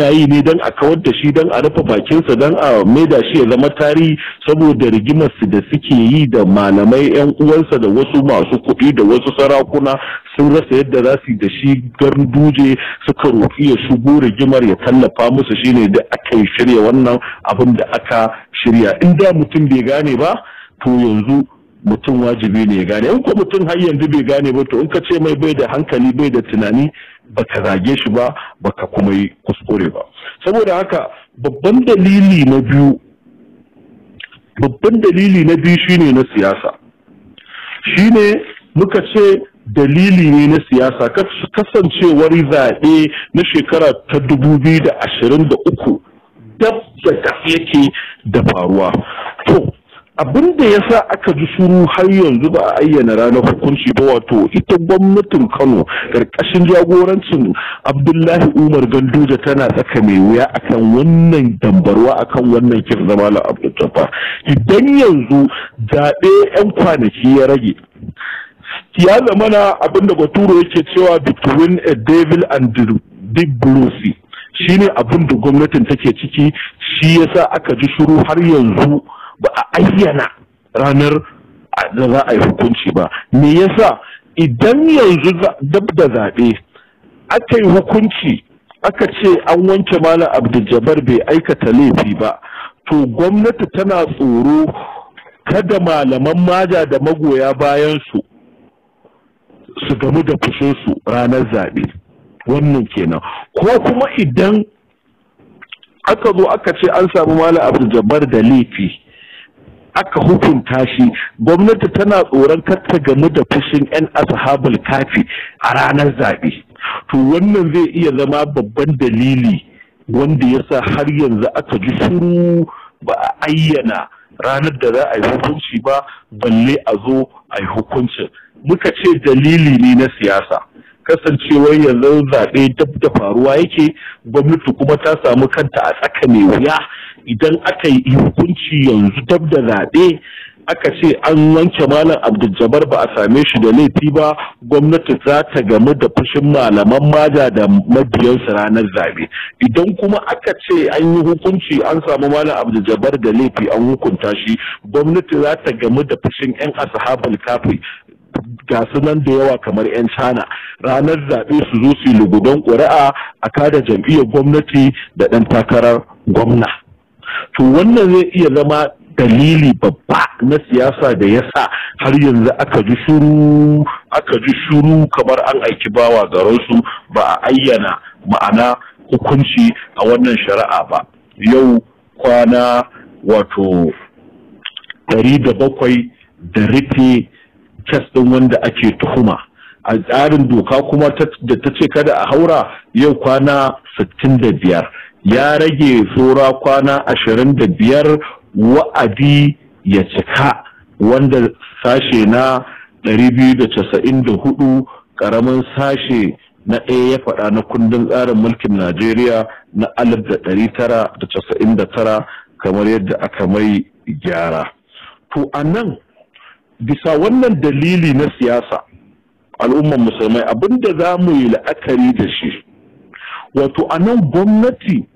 ana yi ne don a kawar da shi don a rufe bakinsa don a maida shi ya zama tarihi saboda rigimarsu da suke yi da malamai 'yan uwansa da wasu masu kuɗi da wasu sarakuna sun rasa yadda za su da shi ganduje suka roƙi ya shigo rigimar ya tallafa musu shine da aka shirya wannan abin da aka shirya in da mutum bai gane ba to yanzu mutum wajibi ne ya gane in ko mutum har yanzu bai gane ba to in ka ce mai bai da hankali bai da tunani baka zage shi ba baka kuma yi kuskure ba saboda haka babban dalili na biyu babban dalili na biyu shine na siyasa shine muka ce dalili ne na siyasa kasancewar zaɓe na shekara ta 2023 dab da yake da faruwa to abin da ya sa aka ji shuru har yanzu ba a ayyana ranar hukunci ba wato ita gwamnatin kano karkashin jagorancin abdullahi umar ganduja tana tsaka mai wuya akan wannan dambarwa akan wannan kin zama la idan yanzu zaɓe 'yan kwanaki ya rage ya zama na da baturo yake cewa between a devil and the big blue shine abin da gwamnatin take ciki shi yasa aka ji shuru har yanzu ba a ayyana ranar da za a yi hukunci ba me yasa idan yanzu dab da zaɓe aka yi hukunci aka ce an wanke malam abdul bai aikata laifi ba to gwamnati tana tsoro kada malaman maja da magoya bayan su su gamu da su ranar zaɓe wannan kenan ko kuma idan aka zo aka ce an samu malam abdul da laifi aka hukunta shi gwamnati tana tsoron ta game da fushin 'yan ashabul kafi a ranar zaɓe to wannan zai iya zama babban dalili wanda ya sa har yanzu aka ji shuru ba a ayyana ranar da za a yi hukunci ba balle a zo a yi hukuncin muka ce dalili ne na siyasa kasancewar yanzu zaɓe dab da faruwa yake gwamnati kuma ta samu kanta a tsaka wuya idan aka yi hukunci yanzu tab da zaɓe aka ce an wanke malam abdul ba a same shi da laifi ba gwamnati za ta gamu da fushin malaman maja da mabiyansa ranar zaɓe. idan kuma aka ce an yi hukunci an samu malam abdul da laifi an hukunta shi gwamnati za ta gamu da fushin yan ashabul kafi ga nan da yawa kamar 'yan cana ranar zaɓe su zo su yi lugudan ƙuri'a a kada jam'iyyar gwamnati da ɗan takarar gwamna. to wannan zai iya zama dalili babba na siyasa da ya sa har yanzu aka ji shuru aka ji shuru kamar an aiki bawa garansu, ba a ayyana ma'ana hukunci a wannan shari'a ba yau kwana wato ɗari da bakwai da rufe kes ɗin wanda ake tuhuma a tsarin doka kuma da ta ce kada a haura yau kwana sittin da biyar ya rage tsora kwana ashirin da biyar wa'adi ya cika wanda sashe na ɗari biyu da da casa'in hudu, ƙaramin sashe na ɗaya ya faɗa na kundin tsarin mulkin najeriya na alif da da da ɗari tara casa'in tara. kamar yadda aka mai gyara to a nan bisa wannan dalili na siyasa al'ummar musulmai abinda za mu yi la'akari da shi wato a nan gwamnati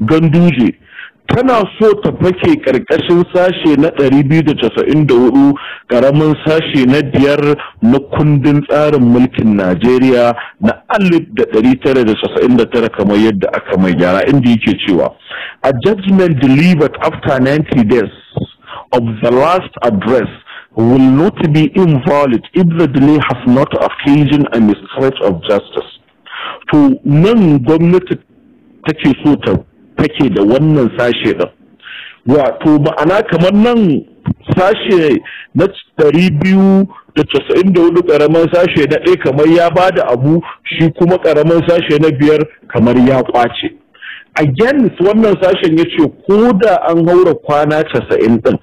ganduje tana so ta fake karkashin sashe na 294 karamin sashe na biyar na kundin tsarin mulkin najeriya na 1999 kamar yadda aka mai gyara inda yake cewa a judgment delivered after 90 days of the last address will not be invalid if the delay has not occasioned a miscarriage of justice to nan gwamnati take so ta take da wannan sashe ɗin wato ma'ana kamar nan sashe na ɗari biyu da casa'in da hudu ƙaramin sashe na ɗaya kamar ya ba da abu shi kuma ƙaramin sashe na biyar kamar ya ƙwace again wannan sashen ya ce ko da an haura kwana casa'in ɗin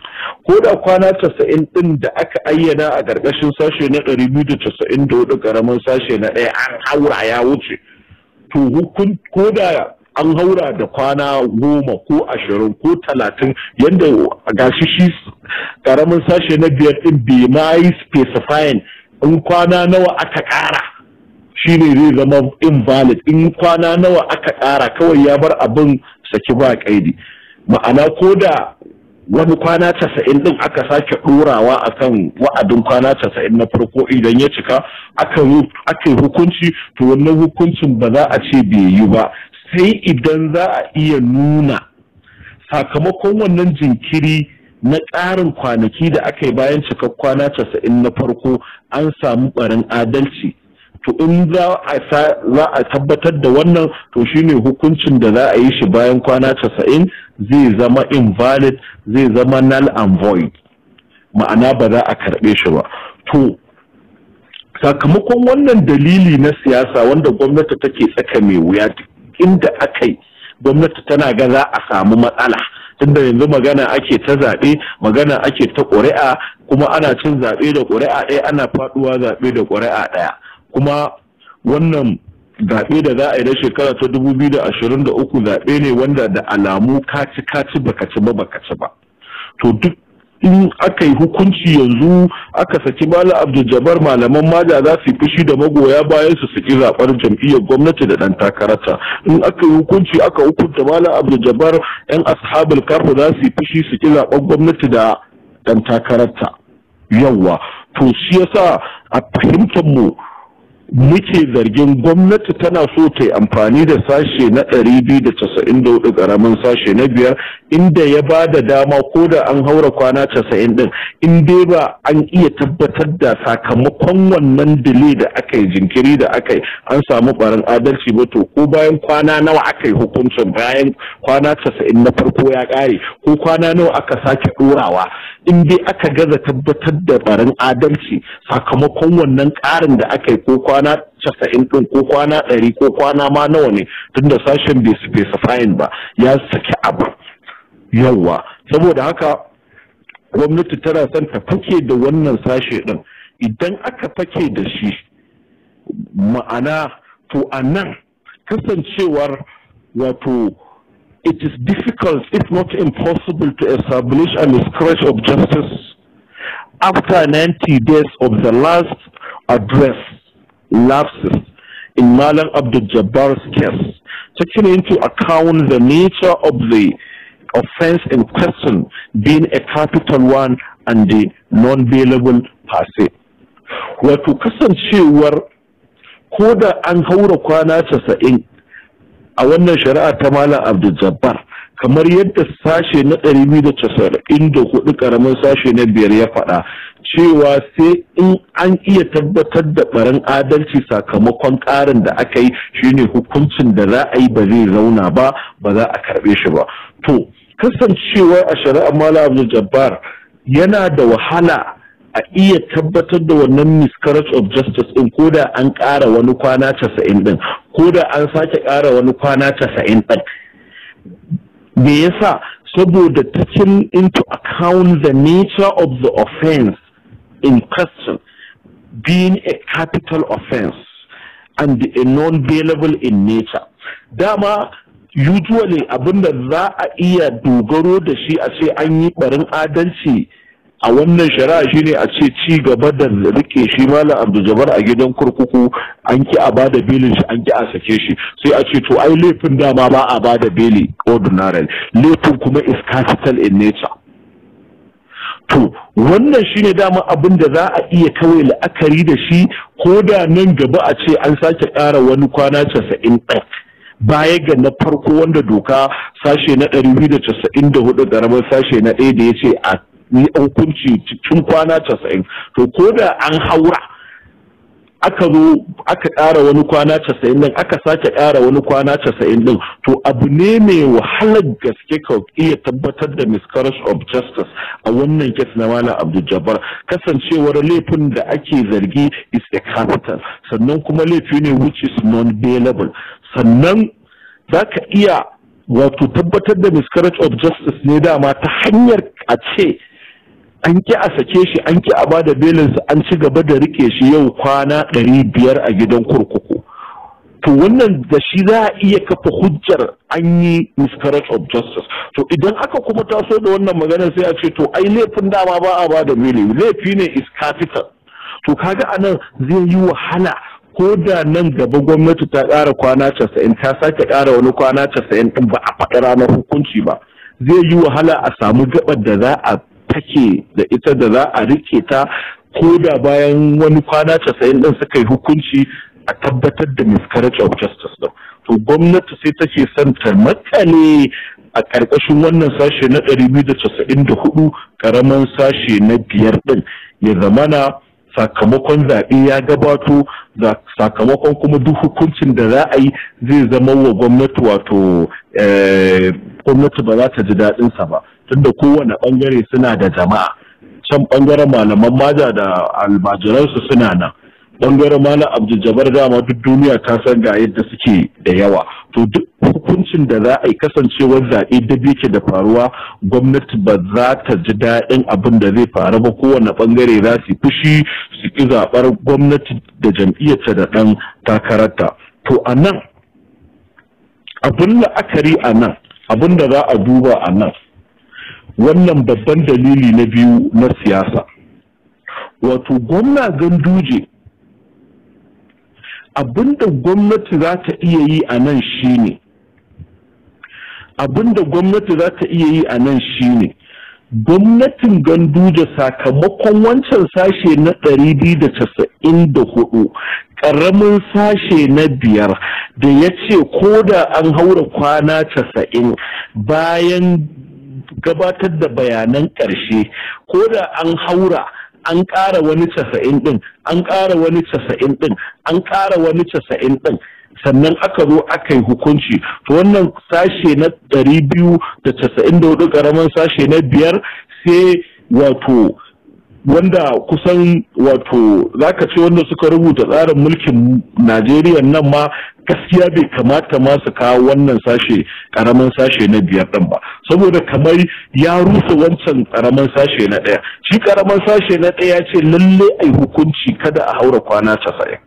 ko da kwana casa'in ɗin da aka ayyana a ƙarƙashin sashe na ɗari biyu da casa'in da hudu ƙaramin sashe na ɗaya an haura ya wuce to ko da an haura da kwana goma ko ashirin ko talatin yadda ga shi karamin sashe na biyar din bai ma yi specifying in kwana nawa aka kara shi ne zai zama invalid in kwana nawa aka kara kawai ya bar abin saki ba kaidi ma'ana ko da wani kwana casa'in din aka sake ɗorawa akan wa'adin kwana casa'in na farko idan ya cika aka yi hukunci to wannan hukuncin ba za a ce bai yi ba sai idan za a iya nuna sakamakon wannan jinkiri na ƙarin kwanaki da aka yi bayan cikak kwana casa'in na farko an samu ɓarin adalci to in za a tabbatar da wannan to shine hukuncin da za a yi shi bayan kwana casa'in zai zama invalid zai zama null and void ma'ana ba za a karɓe shi ba to sakamakon wannan dalili na siyasa wanda gwamnati take tsaka mai wuya inda aka yi gwamnati tana ga za a samu matsala tunda yanzu magana ake ta zaɓe magana ake ta ƙuri'a kuma ana cin zaɓe da ƙuri'a ɗaya ana faɗuwa zaɓe da ƙuri'a ɗaya kuma wannan zaɓe da za a yi na shekara ta da uku zaɓe ne wanda da alamu kaci kaci baka ci ba baka ci ba to duk in aka yi hukunci yanzu aka saki mala abdul malaman maja za su yi fushi da magoya bayan su saki zaɓar jam'iyyar gwamnati da ɗan takararta in aka yi hukunci aka hukunta mala abdul jabbar yan ashabul kafa za su yi fushi su ki zaɓar gwamnati da ɗan takararta yawwa to shi yasa a fahimtar mu muke zargin gwamnati tana so ta yi amfani da sashe na 294 karamin sashe na biyar inda ya ba da dama ko da an haura kwana 90 din in dai ba an iya tabbatar da sakamakon wannan dile da aka yi jinkiri da aka yi an samu barin adalci ba to ko bayan kwana nawa aka yi hukuncin bayan kwana 90 na farko ya kare ko kwana nawa aka sake ɗorawa in dai aka gaza tabbatar da barin adalci sakamakon wannan ƙarin da aka yi ko kwana kwana casa'in ɗin ko kwana ɗari ko kwana ma nawa ne tunda sashen bai specifying ba ya saki abu yawa saboda haka gwamnati tana son ta fake da wannan sashe ɗin idan aka fake da shi ma'ana to a nan kasancewar wato it is difficult if not impossible to establish a miscarriage of justice after 90 days of the last address lapses in Malam Abdul Jabbar's case, taking into account the nature of the offense in question being a capital one and the non-bailable per se. Wato question whether da an haura kwana casa'in in wannan shari'a ta Abdul Jabbar kamar yadda sashe na 294 Indo sashe na biyar ya faɗa cewa sai in an iya tabbatar da barin adalci sakamakon ƙarin da aka yi shine hukuncin da za a yi ba zai zauna ba ba za a karɓe shi ba to kasancewa a shari'a malam abdul jabbar yana da wahala a iya tabbatar da wannan miscarriage of justice in ko da an ƙara wani kwana casa'in ɗin, ko da an sake ƙara wani kwana casa'in din me yasa saboda taking into account the nature of the offense in question being a capital offense and a non-bailable in nature dama usually abinda za a iya dogaro da shi a ce an yi barin adalci a wannan shari'a shi ne a ce ci gaba da rike shi malam abdul a gidan kurkuku an ki a bada belin shi an ki a sake shi sai a ce to ai laifin dama ba a ba da beli ordinary laifin kuma is capital in nature to wannan ne dama abin da za a iya kawai la'akari da shi ko da nan gaba a ce an sake ƙara wani kwana casa'in ɗin baya ga na farko wanda doka sashe na ɗari biyu da da casa'in da ƙaramin sashe na ɗaya da ya ce a yi hukunci cikin kwana casa'in to ko da an haura aka zo aka ƙara wani kwana casa'in ɗin aka sake ƙara wani kwana casa'in ɗin to abu ne mai wahalar gaske ka iya tabbatar da miscarriage of justice a wannan kes na malam abdul kasancewar laifin da ake zargi is a capital sannan kuma laifi ne which is non bailable sannan za ka iya wato tabbatar da miscarriage of justice ne dama ta hanyar a ce an ki a sake shi an ki a bada belinsa an ci gaba da rike shi yau kwana ɗari biyar a gidan kurkuku to wannan da shi za a iya kafa hujjar an yi miscarriage of justice to idan aka kuma taso da wannan magana sai a ce to ai laifin dama ba a bada beli laifi ne is capital to kaga anan zai yi wahala ko da nan gaba gwamnati ta ƙara kwana casa'in ta sake ƙara wani kwana casa'in ɗin ba a faɗi ranar hukunci ba zai yi wahala a samu gaɓar da za a take da ita da za a rike ta ko da bayan wani kwana casa'in ɗin suka yi hukunci a tabbatar da miscarriage of justice ɗin to gwamnati sai take son ta makale a ƙarƙashin wannan sashe na 294 ƙaramin sashe na biyar ɗin ya zamana sakamakon zaɓe ya gabato sakamakon kuma duk hukuncin da za a yi zai zama wa gwamnati wato eh, gwamnati ba za ta ji daɗinsa ba tunda kowane bangare suna da jama'a can bangaren malaman maja da almajiransu suna nan bangaren malam abdul dama duk duniya ta san ga yadda suke da yawa to duk hukuncin da za a yi kasancewar zaɓe da yake da faruwa gwamnati ba za ta ji daɗin abin da zai faru ba kowane bangare za su fushi su ki zaɓar gwamnati da jam'iyyarta da ɗan takararta to a nan abin la'akari a nan abin da za a duba a nan wannan babban dalili na biyu na siyasa wato gwamna ganduje abinda gwamnati za ta iya yi a nan shine abinda gwamnati za ta iya yi a nan shine gwamnatin ganduje sakamakon wancan sashe na 294 ƙaramin sashe na biyar da ya ce ko da an haura kwana casa'in bayan gabatar da bayanan ƙarshe ko da an haura an ƙara wani casa'in ɗin an ƙara wani casa'in ɗin an ƙara wani casa'in ɗin sannan aka zo aka yi hukunci to wannan sashe na ɗari biyu da casa'in da hudu ƙaramin sashe na biyar sai wato wanda kusan wato zaka ce wanda suka rubuta tsarin mulkin najeriya nan ma gaskiya bai kamata ma su kawo wannan sashe karamin sashe na biyar din ba saboda kamar ya rusa wancan karamin sashe na ɗaya shi karamin sashe na ɗaya ce lalle ai hukunci kada a haura kwana casa'in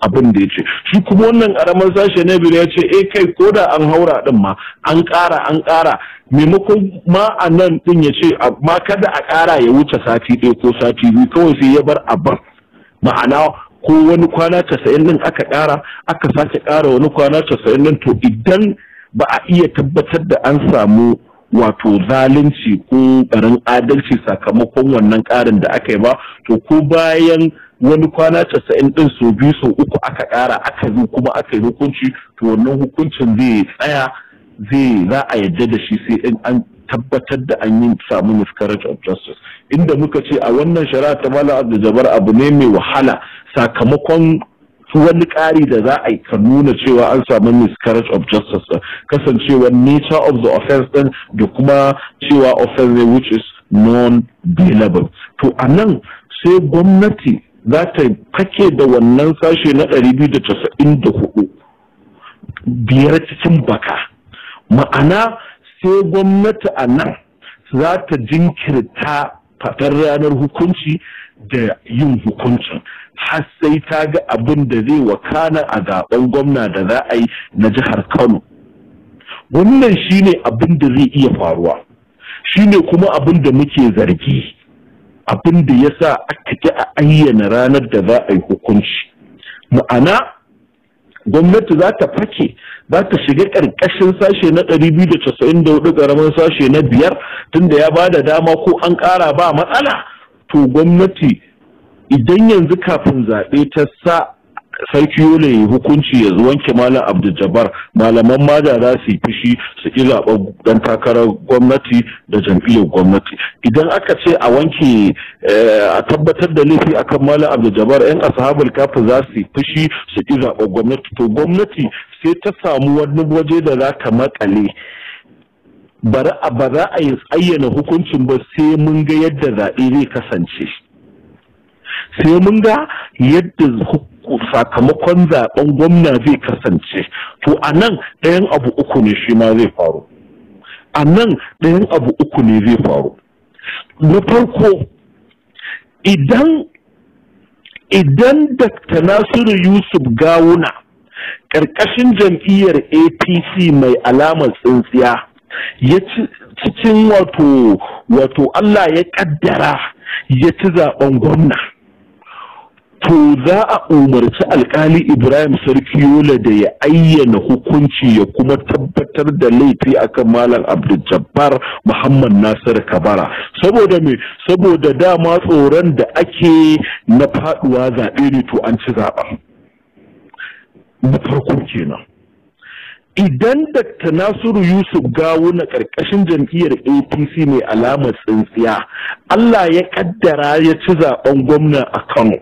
abin da ya ce shi kuma wannan karamar sashe na biyar ya ce eh kai ko da an haura din ma an ƙara an ƙara maimakon ma a nan din ya ce ma kada a ƙara ya wuce sati ɗaya ko sati biyu kawai sai ya bar a abin ma'ana ko wani kwana casa'in din aka ƙara aka sake ƙara wani kwana casa'in din to idan ba a iya tabbatar da an samu wato zalunci ko garin adalci sakamakon wannan ƙarin da aka yi ba to ko bayan wani kwana casa'in ɗin so biyu so uku aka ƙara aka zo kuma aka yi hukunci to wannan hukuncin zai tsaya zai za a yadda da shi sai in an tabbatar da an yi samu miscarriage of justice inda muka ce a wannan shari'a ta mala abdu jabar abu ne mai wahala sakamakon wani kari da za a yi ka nuna cewa an samu miscarriage of justice kasancewa nature of the offense din da kuma cewa offense ne which is non bailable to a nan sai gwamnati za ta fake da wannan sashe na 294 biyar cikin baka ma'ana sai gwamnati a nan za ta jinkirta faɗar ranar hukunci da yin hukuncin har sai ta ga abin da zai wakana a zaɓen gwamna da za a yi na jihar kano wannan shine abin da zai iya faruwa shine kuma abin da muke zargi abin da ya sa aka ki a ayyana ranar da za a yi hukunci ma'ana gwamnati za ta fake za ta shiga ƙarƙashin sashe na 294 ƙaramin sashe na biyar tunda ya ba da dama ko an ƙara ba matsala to gwamnati idan yanzu kafin zaɓe ta sa sarki yole ya hukunci ya wanke malam abdul malaman maja za su yi fushi su ki zaɓen dan takarar gwamnati da jam'iyyar gwamnati idan aka ce a wanke eh, a tabbatar da laifi akan malam abdul jabbar yan ashabul kafi za su yi fushi su ki zaɓen gwamnati to gwamnati sai ta samu wani waje da za ta makale ba za a yi ayyana hukuncin ba sai mun ga yadda zaɓe zai kasance sai mun ga yadda sakamakon zaben gwamna zai kasance to a nan ɗayan abu uku ne shi ma zai faru a nan ɗayan abu uku ne zai faru na farko idan idan dakta nasiru yusuf gawuna ƙarƙashin jam'iyyar apc mai alamar tsintsiya ya ci cikin wato wato allah ya ƙaddara ya ci zaben gwamna to za a umarci alkali ibrahim sarki yola da ya ayyana hukunci ya kuma tabbatar da laifi akan malam abdul muhammad nasir kabara saboda me saboda dama tsoron da ake na faduwa zaɓe ne to an ci zaɓa. na farko kenan idan Dr. Nasiru Yusuf Gawo na ƙarƙashin jam'iyyar APC mai alamar tsintsiya, Allah ya ƙaddara ya ci zaɓen gwamna a Kano.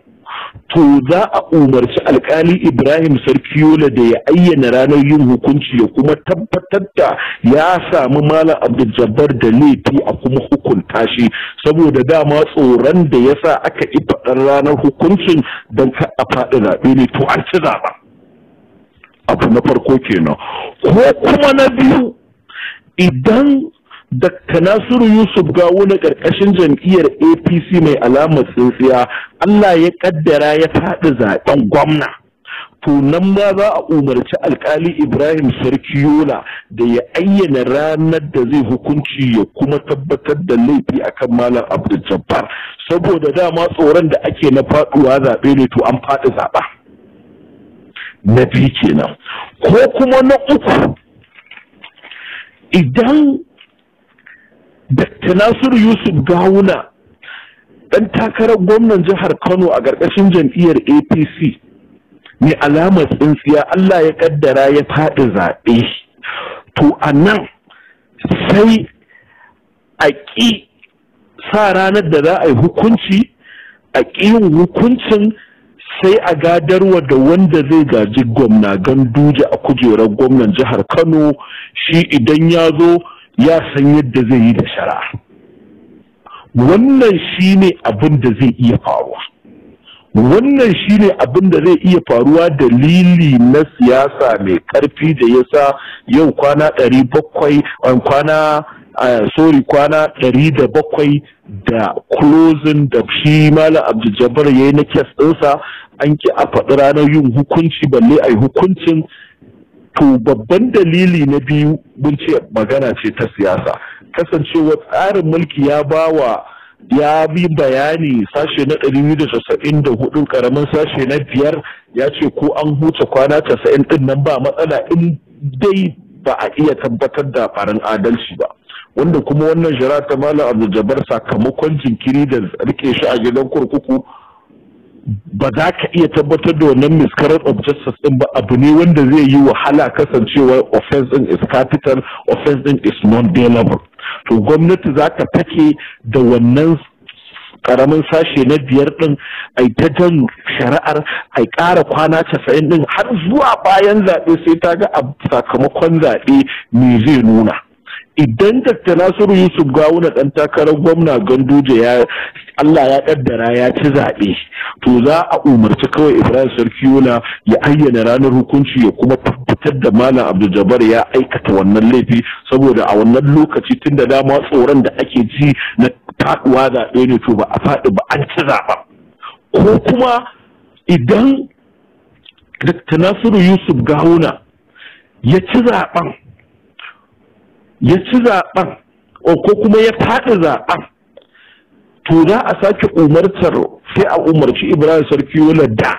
to za a umarci alkali ibrahim sarkiyola da ya ayyana ranar yin hukunci ya kuma tabbatar da ya sami malam abdul da laifi a kuma hukunta shi saboda dama tsoron da ya sa aka yi faɗar ranar hukuncin don ka a faɗi zaɓe ne to an ci zaɓa abu na farko kenan ko kuma na biyu idan Dakta Nasiru Yusuf Gawo na ƙarƙashin jam'iyyar APC mai alamar tsintsiya Allah ya ƙaddara ya faɗi zaɓen gwamna. To nan ma za a umarci alkali Ibrahim Sarki Yola da ya ayyana ranar da zai hukunci ya kuma tabbatar da laifi akan Malam Abdul Jabbar saboda dama tsoron da ake na faɗuwa zaɓe ne to an faɗi zaɓa. Na biyu kenan. Ko kuma na uku idan Dr. Nasiru Yusuf Gawuna ɗan takarar gwamnan jihar Kano a ƙarƙashin jam'iyyar APC mai alamar tsintsiya Allah ya ƙaddara ya faɗi zaɓe. To a nan sai a ƙi sa ranar da za a yi hukunci a yin hukuncin sai a gadarwa da wanda zai gaji gwamna ganduje a kujerar gwamnan jihar kano shi idan ya zo ya san yadda zai yi da shara. wannan shine abin da zai iya faruwa wannan shine abin da zai iya faruwa dalili na siyasa mai karfi da ya sa yau kwana ɗari bakwai eh, kwana eh, sori kwana ɗari da bakwai da closing da shi malam abdul ya yi na kes ɗinsa an ki a faɗi ranar yin hukunci balle a yi hukuncin to babban dalili na biyu mun ce magana ce ta siyasa kasancewa tsarin mulki ya bawa ya bi bayani sashe na 294 karamin sashe na biyar ya ce ko an huce kwana 90 din nan ba matsala in dai ba a iya tabbatar da farin adalci ba wanda kuma wannan jira ta malam abdul sakamakon jinkiri da rike shi a gidan kurkuku ba za ka iya tabbatar da wannan miscarriage of justice din ba abu ne wanda zai yi wahala kasancewa offense din is capital offense din is non bailable to gwamnati za ta take da wannan karamin sashe na biyar din ai ta jan shari'ar ai ƙara kwana casa'in din har zuwa bayan zaɓe sai ta ga sakamakon zaɓe me zai nuna idan Dr. Nasiru Yusuf Gawuna ɗan takarar gwamna Ganduje ya Allah ya ɗaddara ya ci zaɓe to za a umarci kawai Ibrahim Sarkiyola ya ayyana ranar hukunci ya kuma fitar da Malam Abdul ya aikata wannan laifi saboda a wannan lokaci tun da dama tsoron da ake ji na taɗuwa zaɓe ne to ba a faɗi ba an ci zaɓen ko kuma idan Dr. Nasiru Yusuf Gawuna ya ci zaɓen ya ci zaɓen ko kuma ya faɗi zaɓen to za a sake umartar sai a umarci ibrahim sarki wala da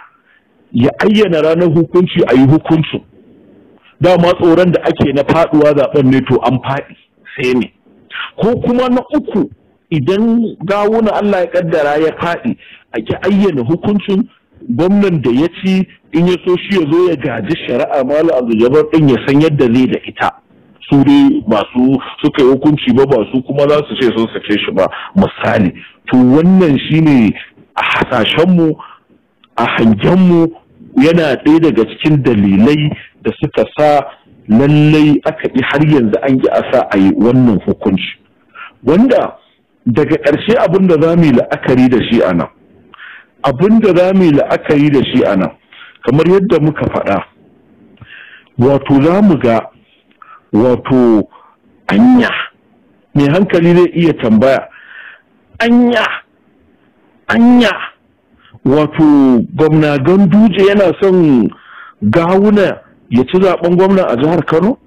ya ayyana ranar hukunci a yi hukuncin dama tsoron da ake na faɗuwa zaɓen ne to an faɗi sai ne ko kuma na uku idan gawuna Allah ya kaddara ya faɗi a ki ayyana hukuncin gwamnan da ya ci in ya so shi ya zo ya gaji shari'a malu a jabar ɗin ya san yadda zai da ita su dai ba suka yi hukunci ba ba su kuma za su ce sun sake shi ba misali to wannan shine a hasashenmu a hangenmu yana ɗaya daga cikin dalilai da suka sa lallai aka yi har yanzu an yi a sa a yi wannan hukunci wanda daga ƙarshe abin da za mu la'akari da shi a nan abin da za mu la'akari da shi a nan kamar yadda muka faɗa wato za mu ga wato anya mai hankali zai iya tambaya anya anya wato gwamna ganduje yana son gawuna ya ci zaben gwamna a jihar kano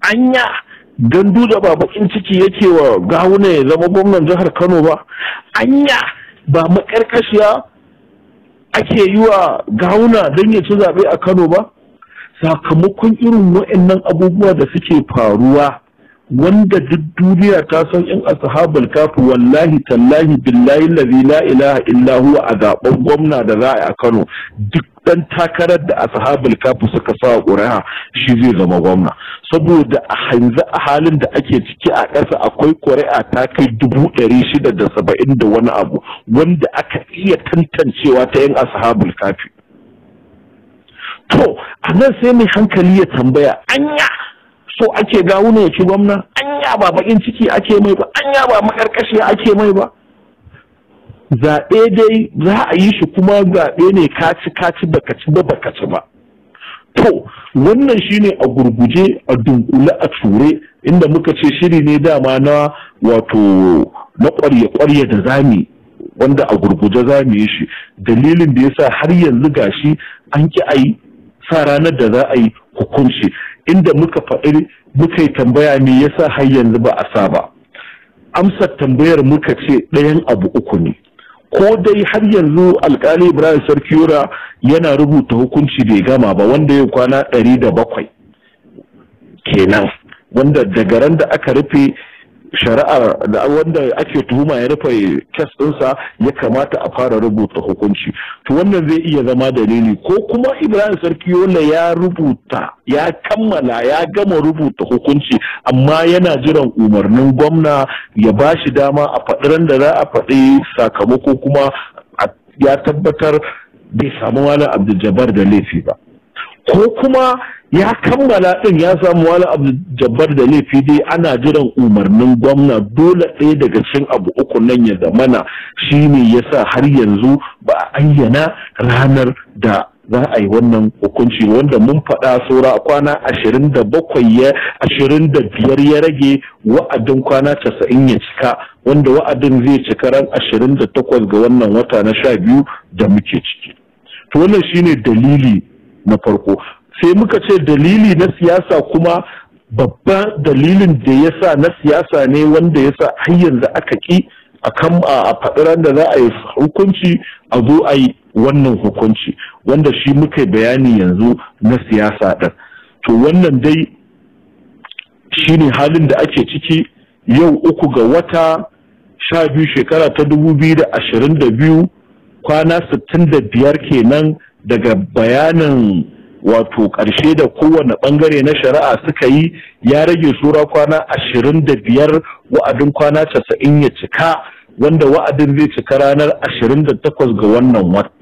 anya ganduje ba bakin ciki yake wa gawuna ya zama gwamnan jihar kano ba anya ba makarkashiya ake yi wa gawuna don ya ci zaɓe a kano ba sakamakon irin waɗannan abubuwa da suke faruwa wanda duk duniya ta san in ashabul kafi wallahi tallahi billahi lazi la ilaha illa a zaben gwamna da za a Kano duk ɗan takarar da ashabul kafi suka sa ƙuri'a shi zai zama gwamna saboda a hanzu a halin da ake ciki a ƙasa akwai ƙuri'a ta kai dubu ɗari shida da saba'in da wani abu wanda aka iya tantancewa ta yin ashabul kafi to a nan sai mai hankali ya tambaya anya so ake gawo ne ya ci gwamna anya ba bakin ciki ake mai ba anya ba makarkashi ake mai ba zaɓe dai za a yi shi kuma zaɓe ne kaci kaci baka ci ba baka ci ba to wannan shine a gurguje a dunkule a ture inda muka ce shiri ne dama na wato na ƙwarya-ƙwarya da zami wanda a gurguje yi shi dalilin da yasa har yanzu gashi an ki ayi sa ranar da za a yi hukunci inda muka faɗi muka yi tambaya me yasa har yanzu ba a sa ba amsar tambayar muka ce ɗayan abu uku ne ko dai har yanzu alkali ibrahim sarki yura yana rubuta hukunci bai gama ba wanda ya kwana ɗari da bakwai kenan wanda daga ran da aka rufe shari'ar da wanda ake tuhuma ya rufe kes ɗinsa ya kamata a fara rubuta hukunci to wannan zai iya zama dalili ko kuma ibrahim sarki wanda ya rubuta ya kammala ya gama rubuta hukunci amma yana jiran umarnin gwamna ya ba shi dama a faɗi da za a faɗi sakamako kuma ya tabbatar bai samu wani abdul da laifi ba ko kuma ya kammala ɗin ya samu wani abu jabbar da laifi dai ana jiran umarnin gwamna dole ɗaya daga cikin abu uku nan ya zamana shi ne ya sa har yanzu ba a ayyana ranar da za a yi wannan hukunci wanda mun faɗa saura kwana ashirin da bakwai ya ashirin da biyar ya rage wa'adin kwana casa'in ya cika wanda wa'adin zai cika ran ashirin da takwas ga wannan wata na sha biyu da muke ciki to wannan shine dalili na farko sai muka ce dalili na siyasa kuma babban dalilin da ya sa na siyasa ne wanda ya sa har yanzu aka ƙi a kan a faɗiran da za a yi hukunci a zo a yi wannan hukunci wanda shi muka bayani yanzu na siyasa ɗin to wannan dai shi ne halin da ake ciki yau uku ga wata sha biyu shekara ta dubu biyu kwana sittin da biyar kenan daga bayanin wato ƙarshe da kowane ɓangare na shari'a suka yi ya rage sura kwana ashirin da biyar wa'adin kwana casa'in ya cika wanda wa'adin zai cika ranar ashirin da takwas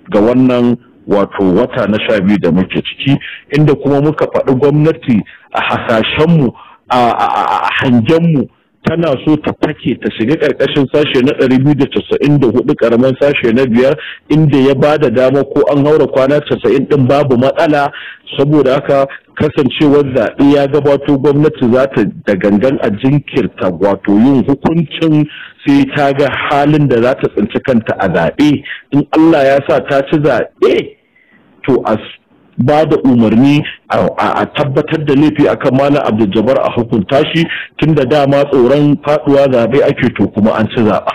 ga wannan wato wata na sha biyu da muke ciki inda kuma muka faɗi gwamnati a hasashenmu a hangenmu tana so ta take ta shiga karkashin sashe na 294 karamin sashe na biyar inda ya ba da dama ko an haura kwana 90 din babu matsala saboda haka kasancewar zaɓe ya gabato gwamnati za ta da gangan a jinkirta wato yin hukuncin sai ta ga halin da za ta tsinci kanta a zaɓe in Allah ya sa ta ci zaɓe to a ba da umarni a tabbatar da laifi a kan malam abdul a hukunta shi tun da dama tsoron faduwa zaɓe ake to kuma an ci zaɓa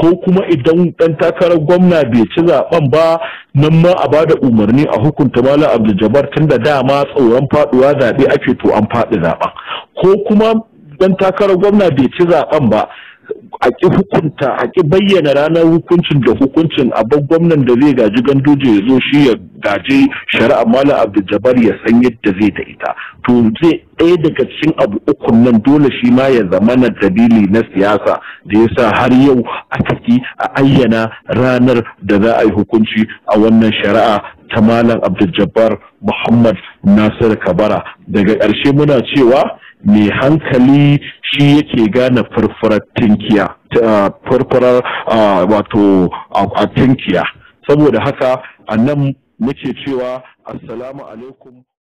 ko kuma idan ɗan takarar gwamna bai ci zaɓen ba nan ma a ba da umarni a hukunta malam abdul tun da dama tsoron faduwa zaɓe ake to an faɗi zaɓen ko kuma ɗan takarar gwamna bai ci zaɓen ba a ki hukunta a ki bayyana ranar hukuncin da hukuncin abin gwamnan da zai gaji gandoji ya zo shi ya gaji shari'a Mallam abdul ya san yadda zai da ita to zai ɗaya daga cikin abu ukun nan dole shi ma ya zama na dalili na siyasa da ya sa har yau aka ki a ayyana ranar da za a yi hukunci a wannan shari'a ta malam abdul muhammad nasir kabara daga ƙarshe muna cewa mai hankali shi yake gane furfurar tinkiya furfurar wato a tinkiya saboda haka a nan muke cewa assalamu alaikum